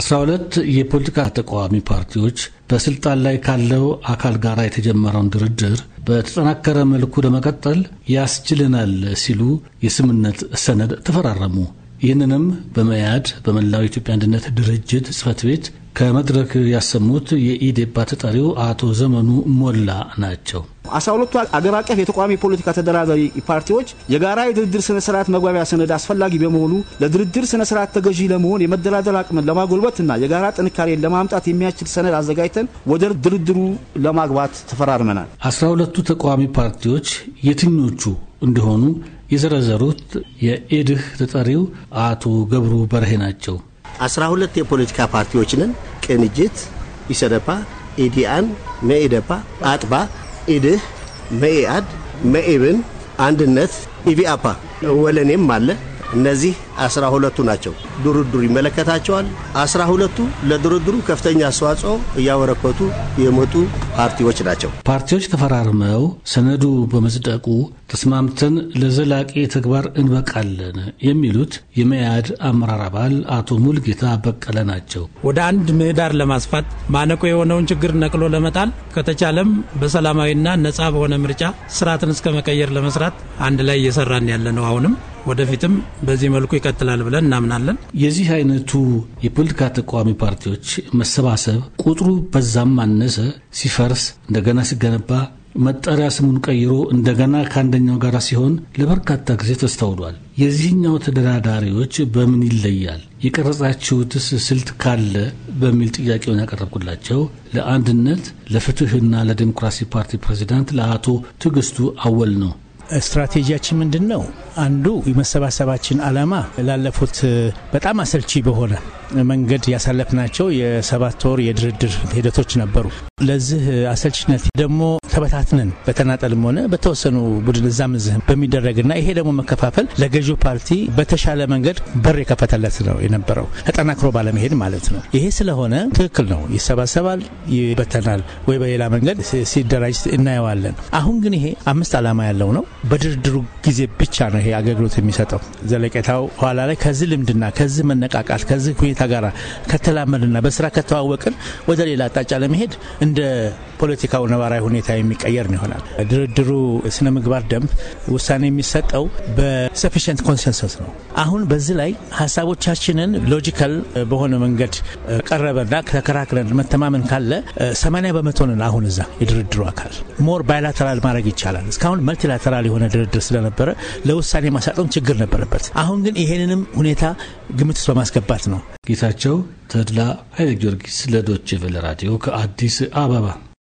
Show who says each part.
Speaker 1: አስራ ሁለት የፖለቲካ ተቃዋሚ ፓርቲዎች በስልጣን ላይ ካለው አካል ጋር የተጀመረውን ድርድር በተጠናከረ መልኩ ለመቀጠል ያስችልናል ሲሉ የስምነት ሰነድ ተፈራረሙ። ይህንንም በመያድ በመላው ኢትዮጵያ አንድነት ድርጅት ጽፈት ቤት ከመድረክ ያሰሙት የኢዴፓ ተጠሪው አቶ ዘመኑ ሞላ ናቸው።
Speaker 2: አስራ ሁለቱ አገር አቀፍ የተቋሚ ፖለቲካ ተደራዳሪ ፓርቲዎች የጋራ የድርድር ስነ ስርዓት መግባቢያ ሰነድ አስፈላጊ በመሆኑ ለድርድር ስነ ስርዓት ተገዢ ለመሆን የመደራደር አቅምን ለማጎልበትና የጋራ ጥንካሬን ለማምጣት የሚያስችል ሰነድ አዘጋጅተን ወደ ድርድሩ ለማግባት ተፈራርመናል
Speaker 1: አስራ ሁለቱ ተቃዋሚ ፓርቲዎች የትኞቹ እንደሆኑ የዘረዘሩት የኢድህ ተጠሪው አቶ ገብሩ በርሄ ናቸው።
Speaker 2: ሁለት የፖለቲካ ፓርቲዎች ነን። ቅንጅት፣ ኢሰደፓ፣ ኢዲአን፣ መኢደፓ፣ አጥባ ኢድህ፣ መኢአድ፣ መኢብን፣ አንድነት፣ ኢቪአፓ ወለኔም አለ። እነዚህ አስራ ሁለቱ ናቸው። ድርድሩ ይመለከታቸዋል። አስራ ሁለቱ ለድርድሩ ከፍተኛ አስተዋጽኦ እያበረከቱ የመጡ ፓርቲዎች ናቸው።
Speaker 1: ፓርቲዎች ተፈራርመው ሰነዱ በመጽደቁ ተስማምተን ለዘላቂ ተግባር እንበቃለን የሚሉት የመያድ አመራር አባል አቶ ሙልጌታ በቀለ ናቸው።
Speaker 3: ወደ አንድ ምህዳር ለማስፋት ማነቆ የሆነውን ችግር ነቅሎ ለመጣል ከተቻለም በሰላማዊና ነጻ በሆነ ምርጫ ስርዓትን እስከ መቀየር ለመስራት አንድ ላይ እየሰራን ያለ ነው። አሁንም ወደፊትም በዚህ መልኩ ይቀጥላል ብለን እናምናለን።
Speaker 1: የዚህ አይነቱ የፖለቲካ ተቃዋሚ ፓርቲዎች መሰባሰብ ቁጥሩ በዛም አነሰ ሲፈርስ እንደገና ሲገነባ መጠሪያ ስሙን ቀይሮ እንደገና ከአንደኛው ጋር ሲሆን ለበርካታ ጊዜ ተስተውሏል። የዚህኛው ተደራዳሪዎች በምን ይለያል? የቀረጻችሁትስ ስልት ካለ በሚል ጥያቄውን ያቀረብኩላቸው ለአንድነት ለፍትህና ለዲሞክራሲ ፓርቲ ፕሬዚዳንት ለአቶ ትዕግስቱ አወል ነው። ስትራቴጂያችን ምንድን ነው?
Speaker 3: አንዱ የመሰባሰባችን ዓላማ ላለፉት በጣም አሰልቺ በሆነ መንገድ ያሳለፍናቸው የሰባት ወር የድርድር ሂደቶች ነበሩ። ለዚህ አሰልችነት ደግሞ ተበታትነን በተናጠልም ሆነ በተወሰኑ ቡድን እዛም እዚህ በሚደረግና ይሄ ደግሞ መከፋፈል ለገዢው ፓርቲ በተሻለ መንገድ በር የከፈተለት ነው የነበረው ተጠናክሮ ባለመሄድ ማለት ነው። ይሄ ስለሆነ ትክክል ነው። ይሰባሰባል፣ ይበተናል፣ ወይ በሌላ መንገድ ሲደራጅ እናየዋለን። አሁን ግን ይሄ አምስት ዓላማ ያለው ነው። በድርድሩ ጊዜ ብቻ ነው ይሄ አገልግሎት የሚሰጠው ዘለቄታው ኋላ ላይ ከዚህ ልምድና ከዚህ መነቃቃት ከዚህ ሁኔታ ጋር ከተላመድና በስራ ከተዋወቅን ወደ ሌላ አቅጣጫ ለመሄድ እንደ የፖለቲካው ነባራዊ ሁኔታ የሚቀየር ነው ይሆናል። ድርድሩ ስነ ምግባር ደንብ ውሳኔ የሚሰጠው በሰፊሽንት ኮንሰንሰስ ነው። አሁን በዚህ ላይ ሀሳቦቻችንን ሎጂካል በሆነ መንገድ ቀረበና ተከራክረን መተማመን ካለ 80 በመቶ ነን። አሁን እዛ የድርድሩ አካል ሞር ባይላተራል ማድረግ ይቻላል። እስካሁን መልቲላተራል የሆነ ድርድር ስለነበረ ለውሳኔ ማሳጠም
Speaker 1: ችግር ነበረበት። አሁን ግን ይሄንንም ሁኔታ ግምት ውስጥ በማስገባት ነው። ጌታቸው ተድላ ኃይለ ጊዮርጊስ ለዶቼ ቬለ ራዲዮ ከአዲስ አበባ